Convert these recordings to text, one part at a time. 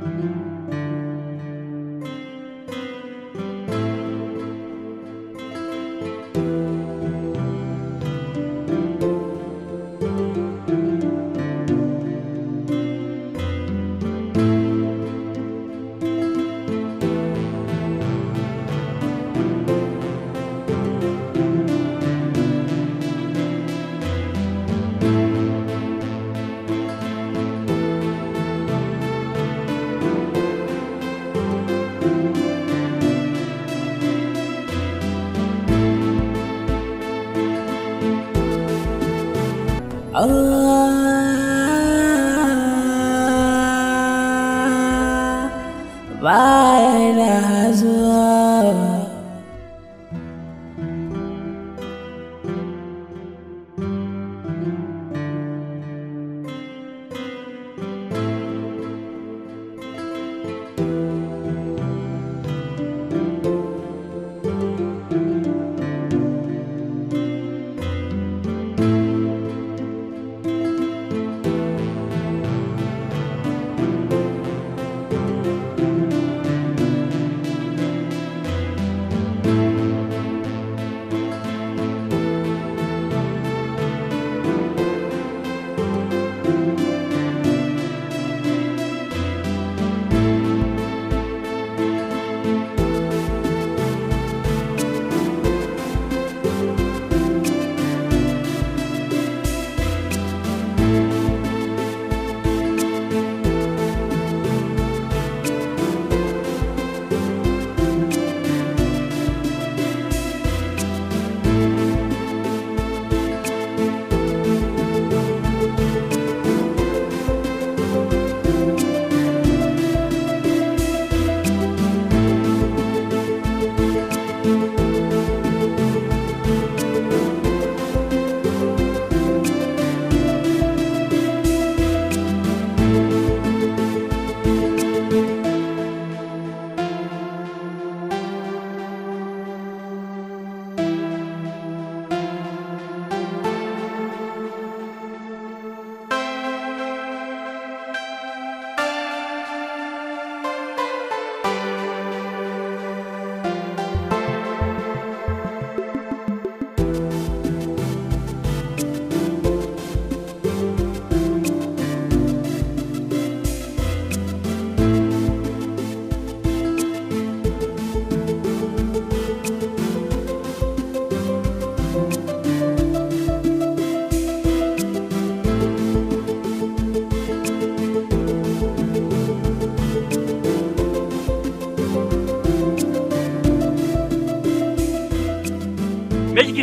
thank you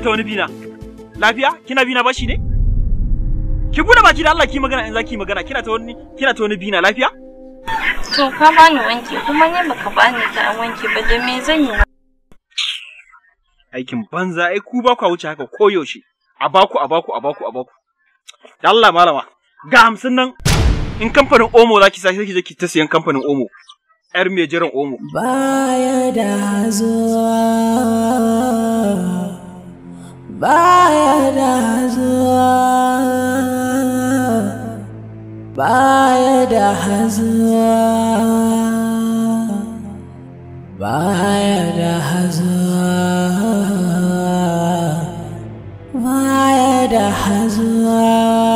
ta wani bina? Lafiya? Kina bina bashi ne? Ki bude baki da Allah ki magana in zaki magana. Kina ta wani kina ta wani bina lafiya? To ka bani wanki kuma ne baka bani ta an wanki ba da me zan yi? Aikin banza ai ku ba ku wuce haka koyaushe. A baku a baku a baku a baku. Da Allah malama ga hamsin nan in kamfanin Omo zaki sake ki je ki ta siyan kamfanin Omo. ‘yar mai jiran omo. Baya da zuwa. baya da zuwa baya da hazuwa baya da hazuwa baya da hazuwa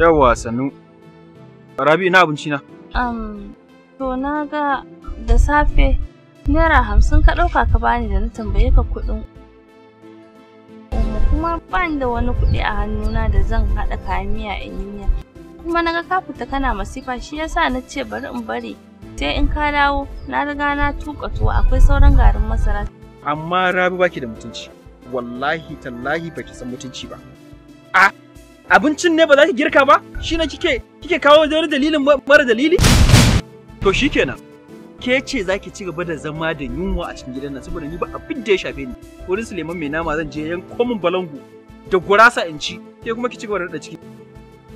Yawa sannu. Rabi ina abinci na. Um, to na ga da safe naira hamsin ka ɗauka ka bani da na tambaye ka kuɗin. Kuma bani da wani kuɗi a hannuna da zan haɗa kamiya miya in yi Kuma na ga ka fita kana masifa shi yasa na ce bari in bari sai in ka dawo na riga na tuƙa tuwa akwai sauran garin masara. Amma Rabi baki da mutunci. Wallahi tallahi baki san mutunci ba. Ah! abincin ne ba za ki girka ba shi ne kike kike kawo da wani dalilin mara dalili to shi kenan, ke ce za ki ci gaba da zama da yunwa a cikin gidan nan saboda ni ba abin da ya shafe ni wurin Suleiman mai nama zan je yan komin balangu da gurasa in ci ke kuma ki ci gaba da ciki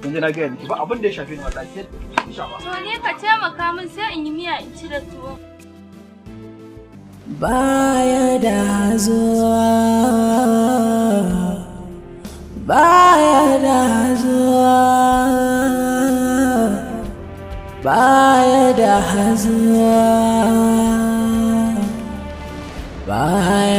yanzu na gaya ba abin da ya shafe ni wallahi ke ba to ne ka taimaka min sai in yi miya in ci da tuwo baya da zuwa ba By hazuwa baya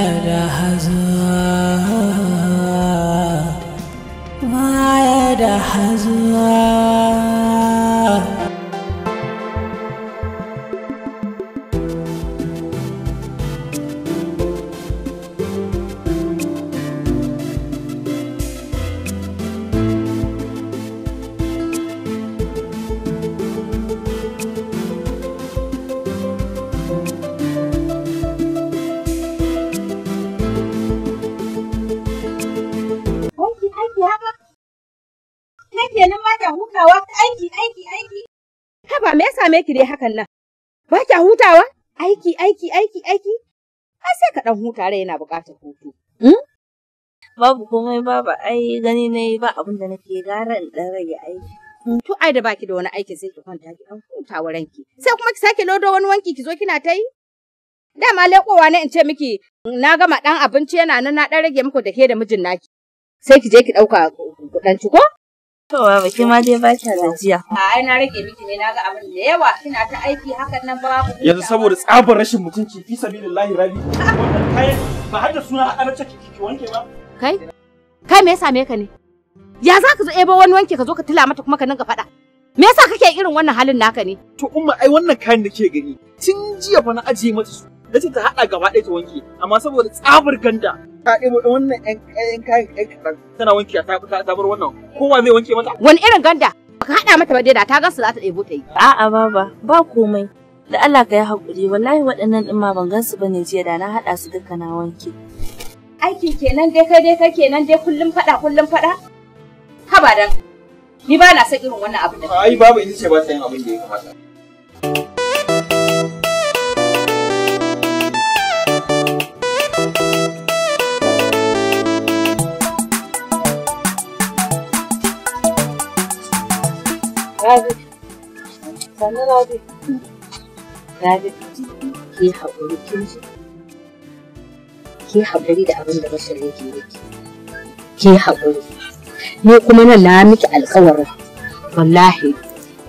aiki aiki. Haba me ya same ki dai hakan nan? Ba kya hutawa? Aiki aiki aiki aiki. Ai sai ka dan huta rai yana buƙatar hutu. Hmm? Babu komai baba ai gani na yi ba abin da nake gara in dan rage aiki. Hmm, to ai da baki da wani aiki sai ki kwanta ki ɗan huta wurin Sai kuma ki sake lodo wani wanki ki zo kina ta yi. Dama leƙowa ne in ce miki na gama ɗan abinci yana nan na ɗan rage muku da ke da mijin naki. Sai ki je ki ɗauka kuɗanci ko? To ba ki ma dai ba kya gajiya. Ai na rage miki ne na ga abin da yawa kina ta aiki hakan nan babu. Yanzu saboda tsabar rashin mutunci fi sabilillahi rabi. Wannan kayan ba har da suna ana ce ki wanke ba. Kai? Kai me ya me ka ne? Ya za ka zo ebo wani wanke ka zo ka tila mata kuma ka nan dinga faɗa? Me yasa kake irin wannan halin naka ne? To umma ai wannan kayan da ke gani tun jiya fa na ajiye mata su. na ta haɗa gaba ɗaya ta wanke amma saboda tsabar ganda ta ɗebo wannan ɗan kayan ɗan kaɗan tana wanke ta bar wannan kowa zai wanke mata. wani irin ganda baka haɗa mata ba da ta gasa za ta ɗebo ta yi. a'a baba ba komai da Allah ka yi haƙuri wallahi waɗannan ɗin ma ban gansu ba ne jiya da na haɗa su duka na wanke. aiki kenan dai kai dai kai kenan dai kullum faɗa kullum faɗa. haba dan ni ba na son irin wannan abin da. ai babu ita ce ba ta yin abin da ya kamata. sannu rabi rabi haƙuri kin ji haƙuri da abin da bashir yake yake ki haƙuri ni kuma nan na miki alƙawarin wallahi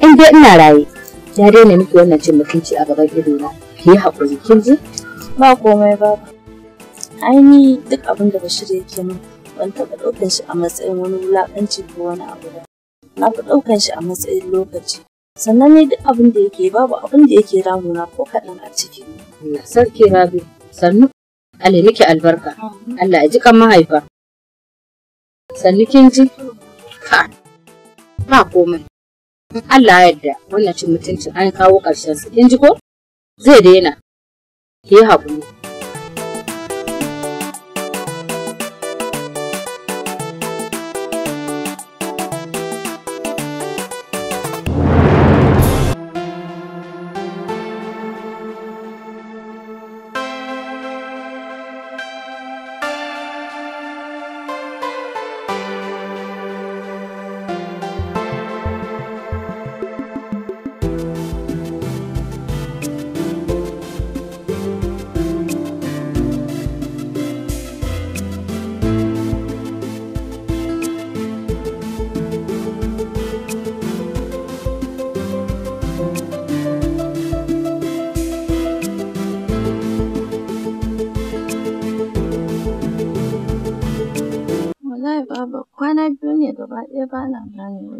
in dai ina raye na daina miki wannan cin mutunci a gaban na. ki haƙuri kin ji ba komai ba ai ni duk abin da bashir yake min ban taɓa ɗaukan shi a matsayin wani wulaƙanci ko wani abu ba na fi ɗaukar shi a matsayin lokaci sannan ne duk abin da yake babu abin da yake damuna ko kaɗan a ciki. Sarki Rabi, sannu Ali miki albarka, Allah ya ji kan mahaifa. Sannu kin ji? Ha, ba komai. Allah ya yarda wannan cin mutuncin an kawo ƙarshen su, kin ji ko? Zai daina. Ki haƙuri.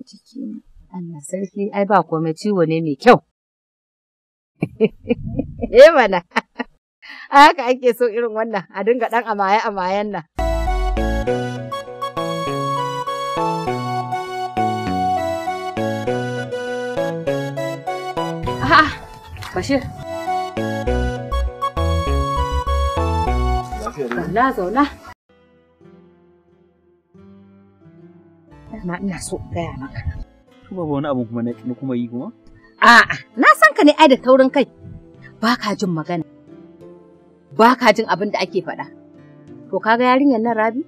jikina. Allah sarki ai ba komai ciwo ne mai kyau. Eh mana. A haka ake so irin wannan a dinga ɗan amaye amayen nan. A'a, Bashir. Zauna zauna. ma ina so in gaya maka. kuma ba wani abu kuma na kuma yi kuma? A'a, na san ka ne ai da taurin kai. Ba ka jin magana. Ba ka jin abin da ake faɗa. To kaga yarinyar nan Rabi?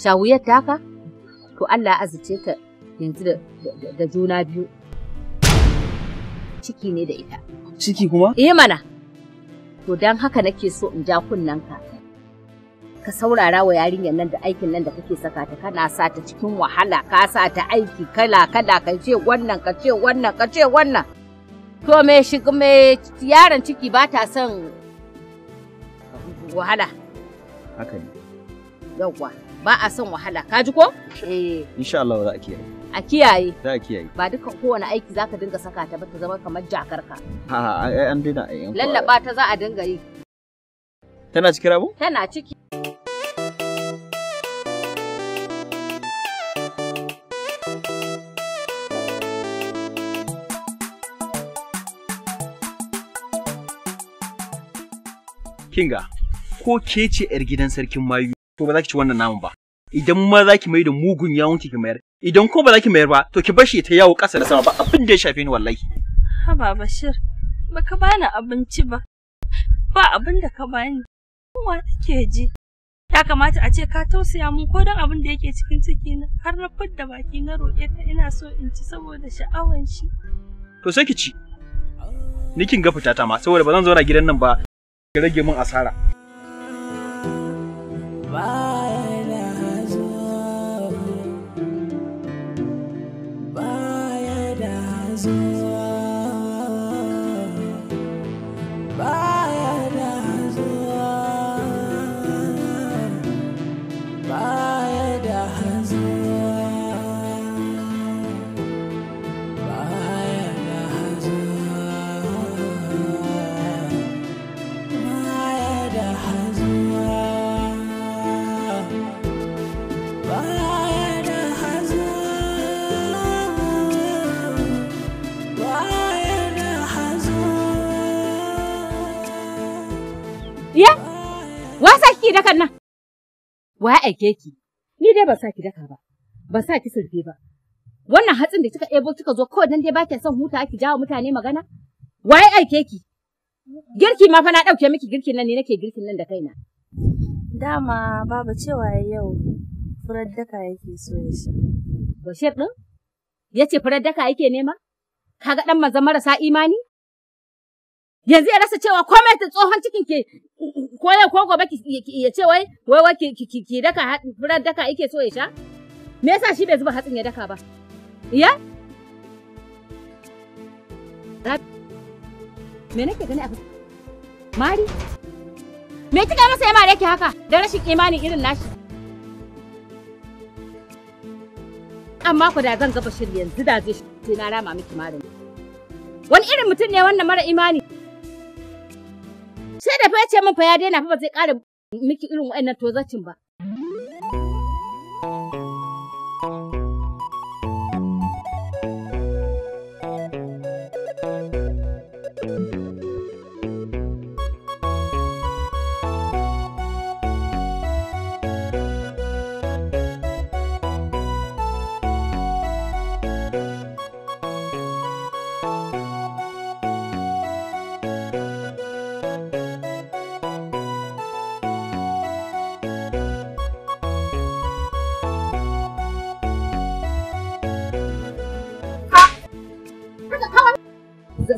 Shawuyar taka? To Allah ya azice ta yanzu da juna biyu. Ciki ne da ita. Ciki kuma? Iya eh mana. To don haka nake so in ja kunnen ka. ka saurara wa yarinyar nan da aikin nan da kake saka ta kana sa ta cikin wahala ka sa ta aiki kala kala ka ce wannan ka ce wannan ka ce wannan to me shi me yaron ciki ba ta son wahala haka ne yawwa ba a son wahala ka ji ko eh insha Allah za a kiyaye a kiyaye za a kiyaye ba duka kowane aiki zaka dinga saka ta ba ta zama kamar jakarka aa an dina lallaba ta za a dinga yi Tana cikin rabu? Tana ciki. Kinga, ko ke ce 'yar gidan sarkin mayu, to ba za ki ci wannan namun ba. Idan ma za ki mai da mugun yawon ki mayar, idan ko ba za ki mayar ba, to ki bashi ta yawo ƙasa da sama ba abin da ya shafe ni wallahi. Haba Bashir, baka bani abinci ba, ba abin da ka bani, kowa take ji. Ya kamata a ce ka tausaya mun ko don abin da yake cikin ciki na har na fidda baki na roƙe ka ina so in ci saboda sha'awan shi. To sai ki ci. Nikin ga fitata ma saboda ba zan zauna gidan nan ba rage min asara. Bye. Wa aike ki? Ni dai ba sa ki daka ba, ba sa ki surfe ba. Wannan hatsin da kika Ebo kika zo kawai dan dai ba son huta ki jawo mutane magana? Wa aike ki? Girki ma fa na ɗauke miki girkin nan ne nake girkin nan da kaina. Dama Baba cewa yau furar daka yake so ya sha. Bashir ɗin? Ya ce furar daka yake nema? Kaga ɗan maza marasa imani? yanzu ya rasa cewa komai ta tsohon cikin ke ko yau ko gobe ya ce wai wai wai ki daka furar daka yake so ya sha me yasa shi bai zuba hatsin ya daka ba iya me nake gani abu mari me kika masa ya mare yake haka da rashin imani irin nashi amma ku da zan gaba shirye yanzu da zai shi na rama miki marin wani irin mutum ne wannan mara imani fa ya ce min fa ya daina fa ba zai ƙara miki irin wa'annan tozacin ba.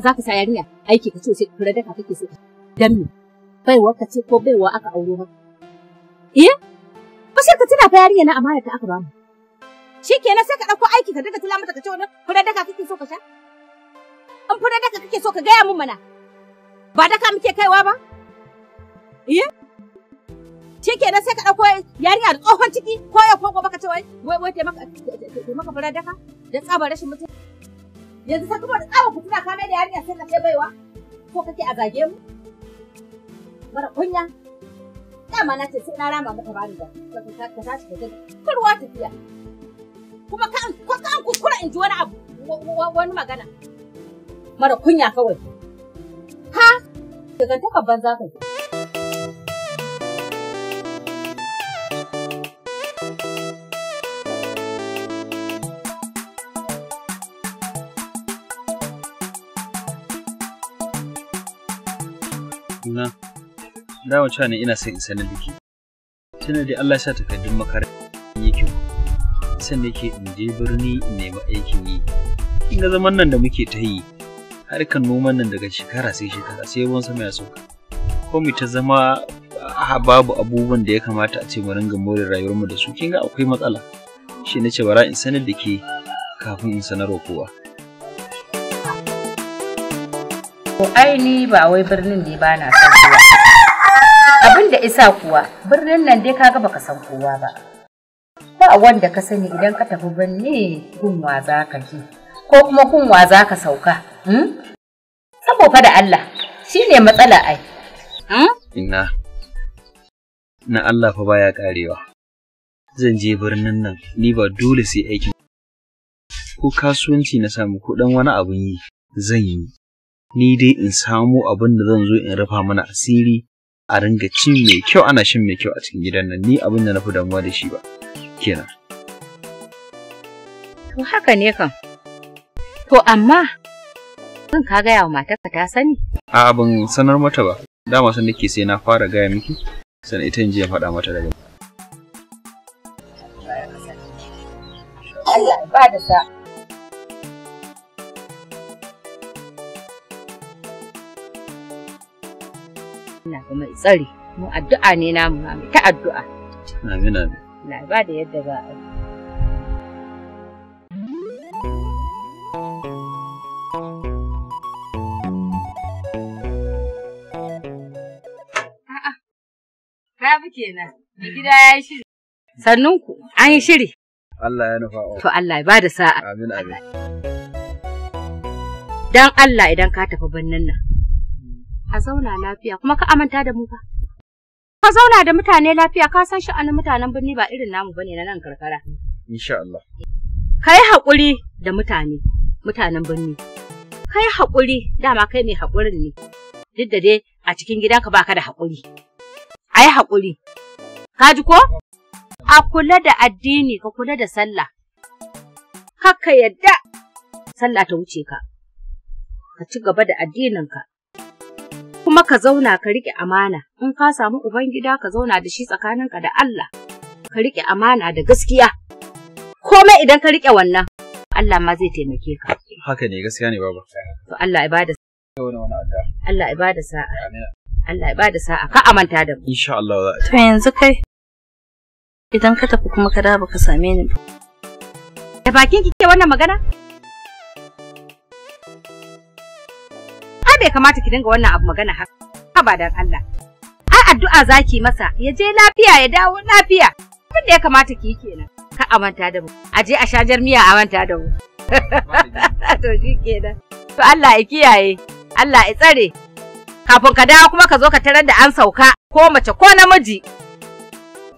za ka sa yarinya aiki ka ce sai fure daka kake so dan me baiwa ka ce ko baiwa aka auro ba eh ba sai ka tuna fa yarinya na amana ta aka mu. shikenan sai ka dauko aiki ka daga tula mata ka ce wannan fure daka kake so ka sha an fure daka kake so ka gaya mun mana ba daka muke kaiwa ba eh shikenan sai ka dauko yarinya da tsohon ciki ko ya koko ka ce wai wai wai taimaka taimaka fure daka da tsabar rashin mutum yanzu sai kuma da tsawon fitina ka mai da yarinya sai ka kai baiwa ko kake a zage mu mara kunya dama na ce sai na rama maka bani da ka tashi ka gaji kurwa tafiya kuma ka ko ka kuskura in ji wani abu wani magana mara kunya kawai ha ganta taka banza ka dama cewa ne ina son in sanar da ke Allah ya sa takardun makaranta yake da yake in je birni in nemi aikin yi in ga zaman nan da muke ta yi harkar noman nan daga shekara sai shekara sai ruwan sama ya sauka ko mu ta zama a babu abubuwan da ya kamata a ce mu ringa more rayuwar mu da su kin ga akwai matsala shi na ce bara in sanar da ke kafin in sanarwa kowa ko ai ni ba wai birnin ne ba na son zuwa Abin da isa kuwa birnin nan dai kaga baka san kowa ba. Ba wanda ka sani idan ka tafi birni kunwa za ka ji ko kuma kunwa za ka sauka. Hmm? Saboda da Allah shi ne matsala ai. Hmm? Ina na Allah fa baya karewa. Zan je birnin nan ni ba dole sai aikin ko kasuwanci na samu kuɗin wani abun yi zan yi. Ni dai in samo abin da zan zo in rufa mana asiri a ringa ci mai kyau ana shin mai kyau a cikin gidan nan ni abin da na fi damuwa da shi ba kenan to haka ne kan, to amma zan ka gaya wa matarka ta sani a ban sanar mata ba dama san nake sai na fara gaya miki sannan ita ya faɗa mata daga Allah ba da sa'a abu mai tsari mu addu'a ne namu ma ta addu'a amin amin na ba da yadda za a yi Rabi kenan, gida ya yi shiri. Sannunku, an yi shiri. Allah ya nufa To Allah ya bada sa'a. Amin amin. Dan Allah idan ka tafi birnin nan, a zauna lafiya kuma ka amanta da mu ba ka zauna da mutane lafiya ka san sha'anin mutanen birni ba irin namu bane na nan karkara insha Allah kai hakuri da mutane mutanen birni kai hakuri, dama kai mai hakurin ne duk da dai a cikin gidanka baka da hakuri ai hakuri, ka ji ko a kula da addini ka kula da sallah kakka yadda sallah ta wuce ka ka ci gaba da addininka kuma ka zauna ka riƙe amana in ka samu ubangida ka zauna da shi tsakaninka da Allah ka riƙe amana da gaskiya komai idan ka riƙe wannan Allah ma zai taimake ka haka ne gaskiya ne baba to Allah ya bada Allah ya bada sa'a Allah ya bada sa'a ka amanta da mu insha Allah to yanzu kai idan ka tafi kuma ka dawo baka same ni ba da bakin kike wannan magana bai kamata ki dinga wannan abu magana haka ba dan Allah ai addu'a zaki masa ya je lafiya ya dawo lafiya abin da ya kamata ki kenan ka amanta da mu a je a shajar miya a manta da mu to shi kenan to Allah ya kiyaye Allah ya tsare kafin ka dawo kuma ka zo ka tarar da an sauka ko mace ko namiji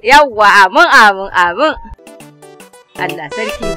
yawwa amin amin amin Allah sarki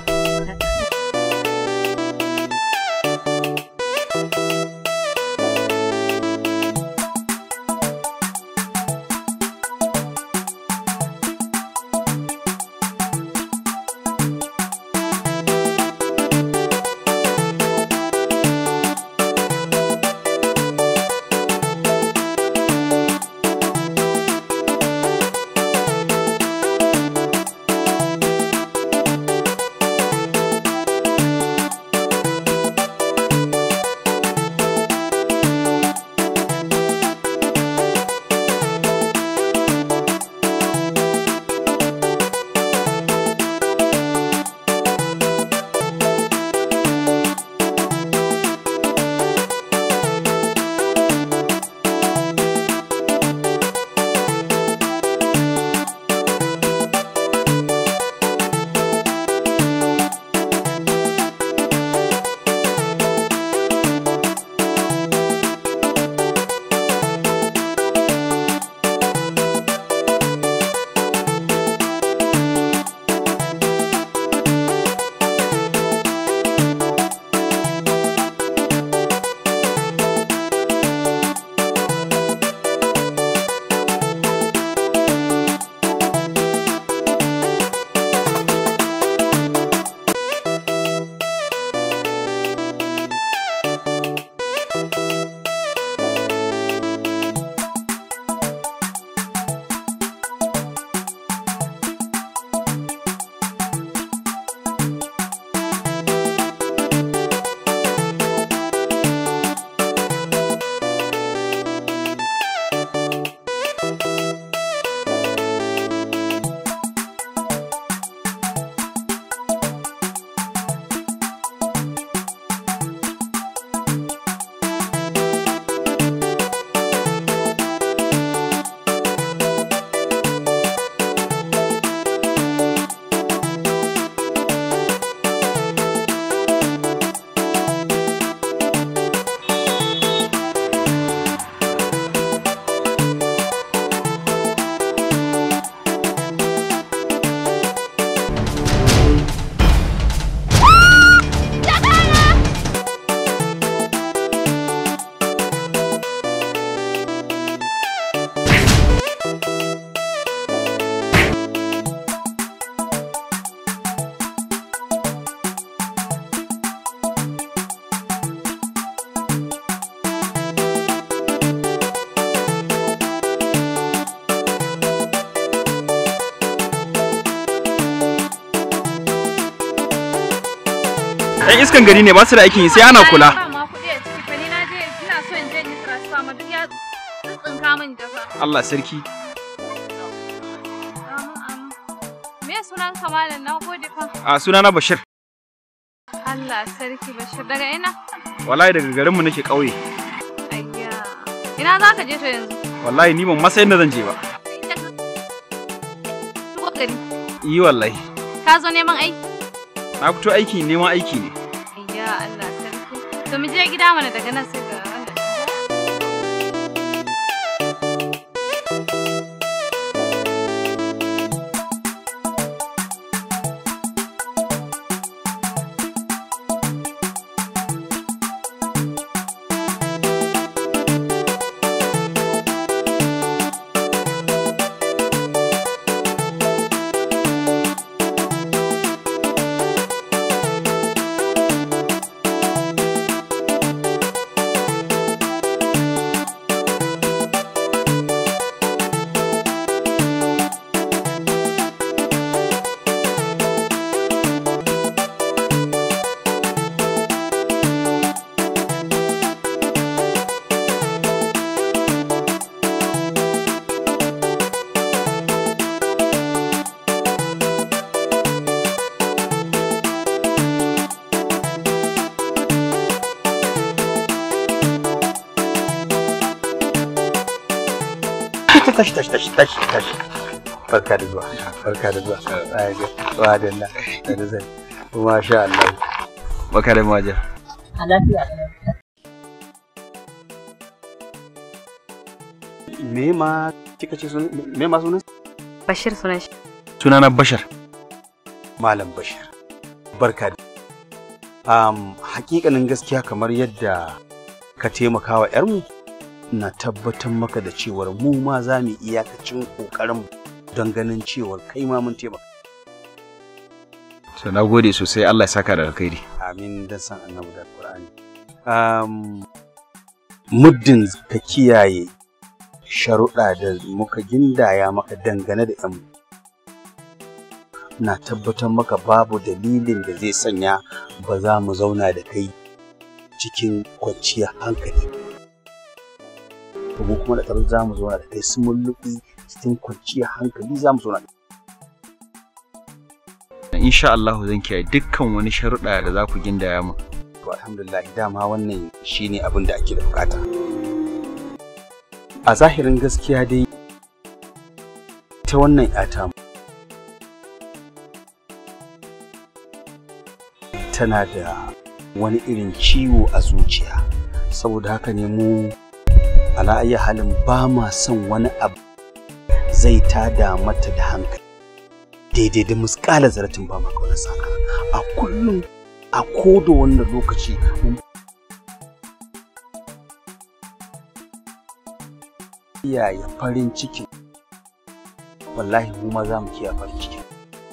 dukkan gari ne ba su da aikin yi sai ana kula Allah sarki A suna na bashir Allah sarki bashir daga ina wallahi daga garinmu nake ƙauye ina za ka je to yanzu wallahi ni ban masa yadda zan je ba yi wallahi ka zo neman aiki na fito aiki neman aiki ne yawa Allah sarki to mu je gida mana daga nan sai tashi tashi tashi tashi tashi barka da zuwa barka da zuwa wa da na da zai kuma sha Allah barka da mawaja a lafiya me ma kika ce sunan me ma sunan Bashir sunan shi sunana Bashir Malam Bashir barka da um, hakikanin gaskiya kamar yadda ka taimaka wa 'yarmu na tabbatar maka da cewar mu ma za mu iyakacin ƙoƙarin don ganin cewar kai ma mun taimaka. So na gode sosai Allah ya saka da alkhairi. Amin dan san annabi da Qur'ani. Um, muddin ka kiyaye sharuɗa da muka gindaya maka dangane da yan na tabbatar maka babu dalilin da zai sanya ba za mu zauna da kai cikin kwanciyar hankali. to mu kuma da tsaro za mu zauna da kai su mulluɓi cikin kwanciya hankali za mu zauna da kai. insha Allah zan kiyaye dukkan wani sharuɗa da za ku gindaya mu. to alhamdulillah dama wannan shine abin da ake da bukata. a zahirin gaskiya dai ta wannan yata tana da wani irin ciwo a zuciya saboda haka ne mu ala ayi halin ba ma son wani abu zai tada mata da hankali daidai da muskala zaratin ba ma kaunar saka a kullum a koda wannan lokaci iyaye farin ciki wallahi mu ma za mu kiyaye farin ciki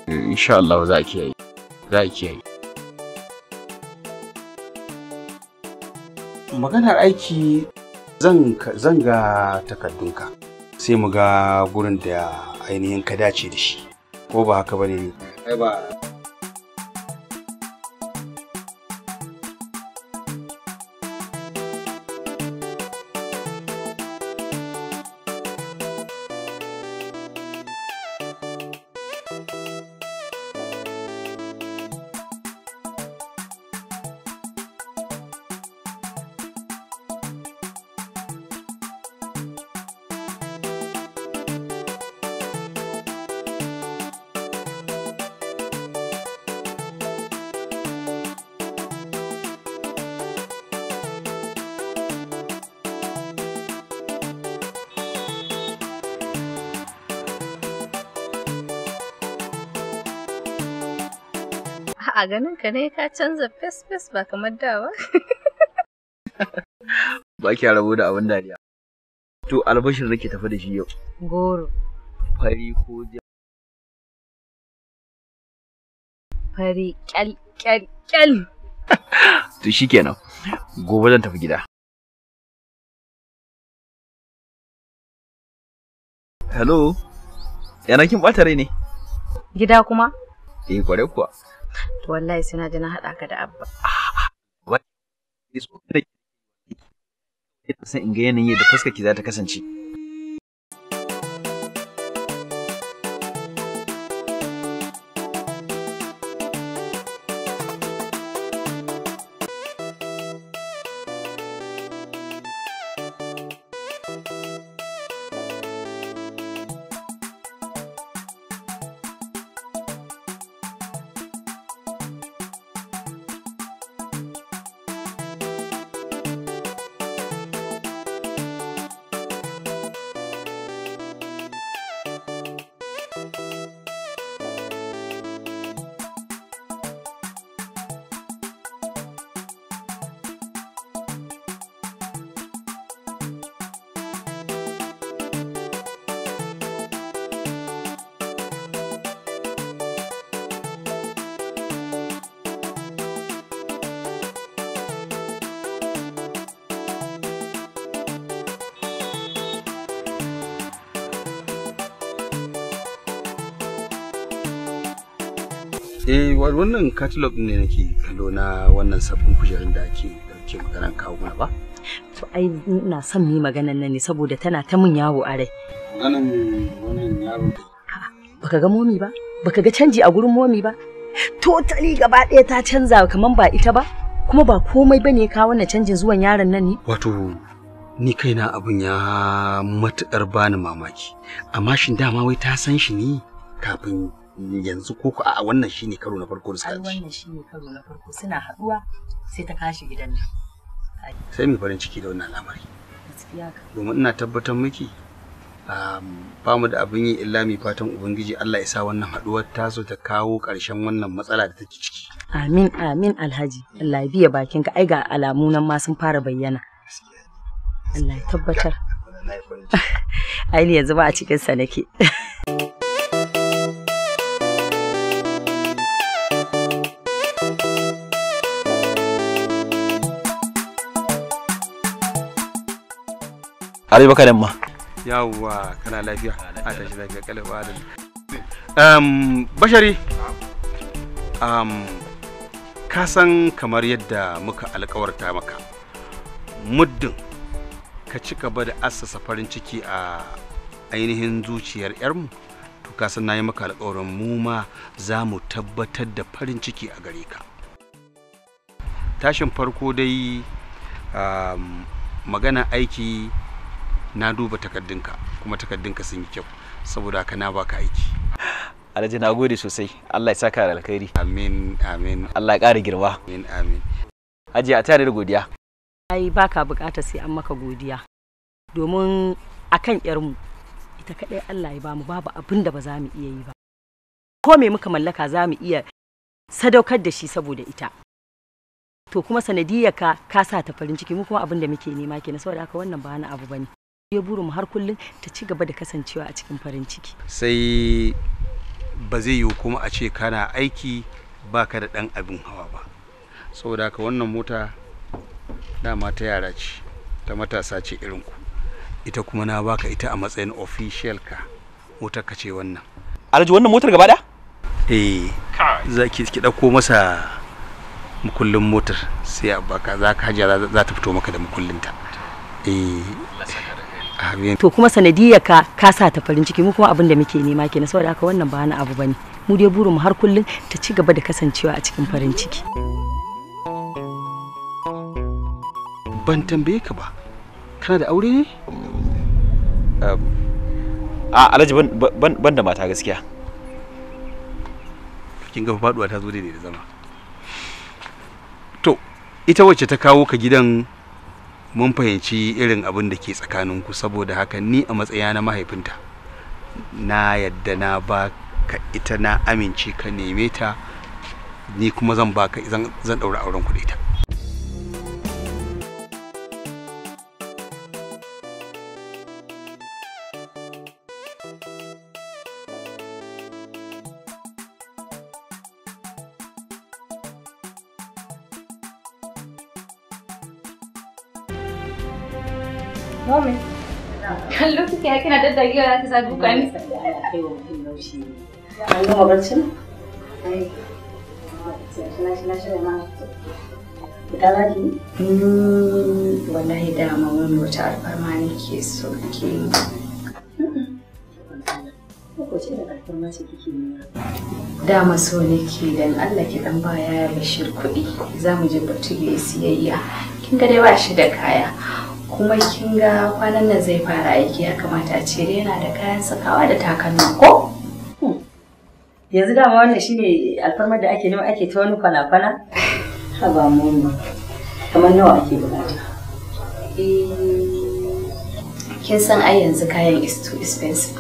eh, insha Allah za a yi za ki yi maganar aiki zan ga takardunka sai mu ga gurin da ainihin ka dace da shi ko ba haka ba ne ba ganin ka ne ka canza fes fes ba kamar da ba. Ba ki rabu da abin dariya. To albashin nake tafi da shi yau. Goro. Fari ko ja. Fari kyal kyal kyal. To shikenan. Gobe zan tafi gida. Hello. Yana kin ɓata rai ne? Gida kuma? Eh, kware kuwa. to wallahi sai na je na haɗa ka da abba wai so da ita san in ga yanayin yadda fuskar ki za ta kasance eh wannan catalog ne nake kallo na wannan sabbin kujerun da ake dauke maganar kawo mana ba to ai ina son mu maganar nan ne saboda tana ta mun yawo a rai maganar wannan yaro baka ga momi ba baka ga canji a gurin momi ba totally gaba ɗaya ta canza kamar ba ita ba kuma ba komai bane ya wannan canjin zuwan yaron nan ne wato ni kaina abun ya matukar bani mamaki amma shin dama wai ta san shi ne kafin yanzu ko a wannan shine karo na farko da suka ci wannan shine karo na farko suna haduwa sai ta kashi gidan nan sai mu farin ciki da wannan al'amari domin ina tabbatar miki ba mu da abin yi illa mai fatan ubangiji Allah ya sa wannan haduwar zo ta kawo ƙarshen wannan matsala da take ciki amin amin alhaji Allah ya biya bakinka ai ga alamu nan ma sun fara bayyana Allah ya tabbatar ai yanzu ba a cikin sa nake Arewa kadan ma. Yawwa kana lafiya. A tashi lafiya kalaba da. Um, bashari. Um, ka san kamar yadda muka alkawarta maka. Muddin ka ci ba da assasa farin ciki a ainihin zuciyar 'yarmu to ka san nayi maka alkawarin mu ma za mu tabbatar da farin ciki a gare ka. Tashin farko dai um, magana aiki na duba takardunka kuma takardunka sun yi kyau saboda haka na baka aiki alhaji na gode sosai allah ya saka da alkhairi amin amin allah ya ƙara girma amin amin haji a tare da godiya ai baka bukata sai an maka godiya domin akan yarmu ita kadai allah ya bamu babu abin da ba za mu iya yi ba ko me muka mallaka za mu iya sadaukar da shi saboda ita to kuma sanadiyar ka ka sa ta farin ciki mu kuma abin da muke nema kenan saboda haka wannan ba na abu bane ya mu har kullum ta ci gaba da kasancewa a cikin farin ciki sai ba zai yiwu kuma a ce kana aiki baka da ɗan abin hawa ba saboda ka wannan mota dama ta yara ce ta matasa ce irin ku ita kuma na baka ita a matsayin official ka motar ka ce wannan alhaji wannan motar gaba da eh za ki ki dauko masa mukullin motar sai a baka za ka za ta fito maka da mukullin ta eh to kuma sanadiyar ka ka sa ta farin ciki mu kuma abin da muke nema kenan saboda haka wannan ba wani abu bane mu dai burin mu har kullun ta ci gaba da kasancewa a cikin farin ciki ban tambaye ka ba kana da aure ne a alhaji ban da mata gaskiya kin ga faduwa ta zo daidai da zama to ita wacce ta kawo ka gidan mun fahimci irin abin da ke tsakaninku saboda haka ni a matsaya na mahaifinta na yadda na ba ka ita na amince ka neme ta ni kuma zan ba ka zan daura auren kuɗi ita. yara za Wallahi dama wani wata alfarma ne ke so ke da Dama so nake dan Allah ki dan baya ya Bashir kuɗi za mu je Portuguese siyayya. Kin ga dai ba shi da kaya. kuma kin ga kwanan nan zai fara aiki ya kamata a ce yana da kayan sakawa da takalma ko hmm. yanzu dama wannan shine alfarmar da ake nema ake ta wani fana-fana ha ba mu kamar nawa ake bukata eh, kin san ai yanzu kayan is too expensive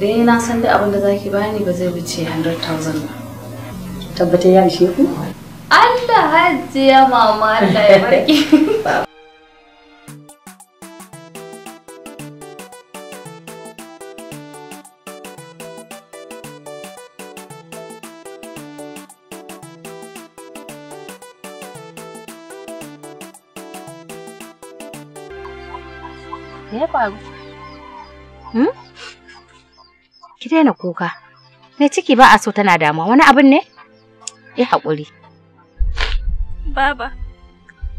dai na san da abin da zaki bani ba zai wuce 100,000 ba tabbatar ya ishe ku Allah hajiya mama Allah ya barki faru? Hmm? Ki daina kuka. Me ciki ba a so tana damuwa wani abin ne? Yi haƙuri. Baba,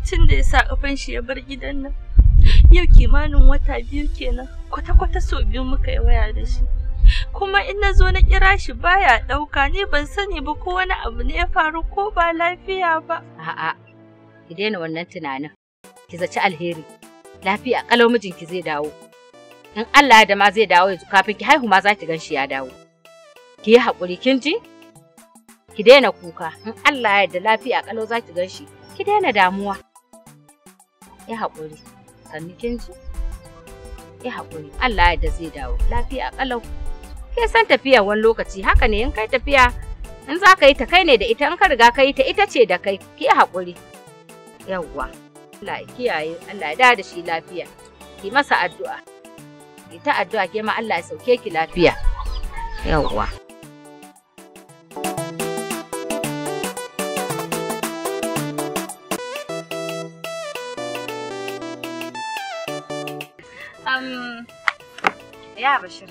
tun da ya sa kafan shi ya bar gidan nan, yau kimanin wata biyu kenan kwata-kwata sau biyu muka yi waya da shi. Kuma in na zo na kira shi baya ɗauka ni ban sani ba ko wani abu ne ya faru ko ba lafiya ba. A'a, ki daina wannan tunanin, ki zaci alheri. lafiya kalau mijinki zai dawo in Allah ya dama zai dawo yanzu kafin ki haihu ma za ki gan shi ya dawo ki yi haƙuri kin ji ki daina kuka in Allah ya yarda lafiya kalau za ki gan shi ki daina damuwa ya haƙuri sannu kin ji ya haƙuri Allah ya yarda zai dawo lafiya kalau ke san tafiya wani lokaci haka ne in kai tafiya in za ka yi ta kai ne da ita in ka riga ka yi ta ita ce da kai ki haƙuri yawwa Allah ya kiyaye Allah ya da da shi lafiya ki masa addu'a ki ta addu'a ke ma Allah ya sauke ki lafiya yawwa Um, ya Bashir.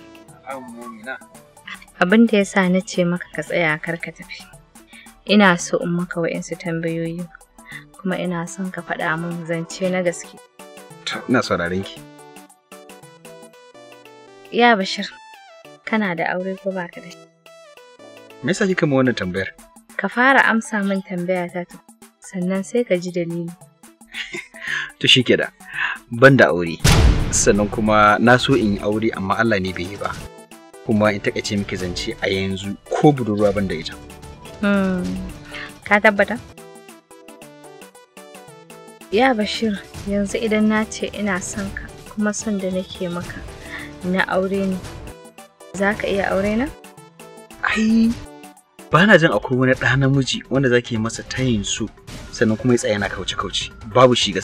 Abin da ya na ce maka ka tsaya kar ka tafi. Ina so in maka wa'insu tambayoyi kuma ina son ka faɗa min zance na gaske. Ina sauraren ki. Ya Bashir, kana da aure ko ba ka da shi? Me yasa kika wannan tambayar? Ka fara amsa min tambaya ta to, sannan sai ka ji dalili. to shi ke da, ban da aure. Sannan kuma na so in yi aure amma Allah ne bai yi ba. Kuma in takaice miki zance a yanzu ko budurwa ban da ita. Hmm, ka tabbata? Ya Bashir, yanzu idan na ce ina son ka kuma son da nake maka na aure ne, za ka iya aure na? Ai, ba na jin akwai wani ɗa namiji wanda zaki yi masa tayin su sannan kuma ya tsaya na kauce-kauce babu shi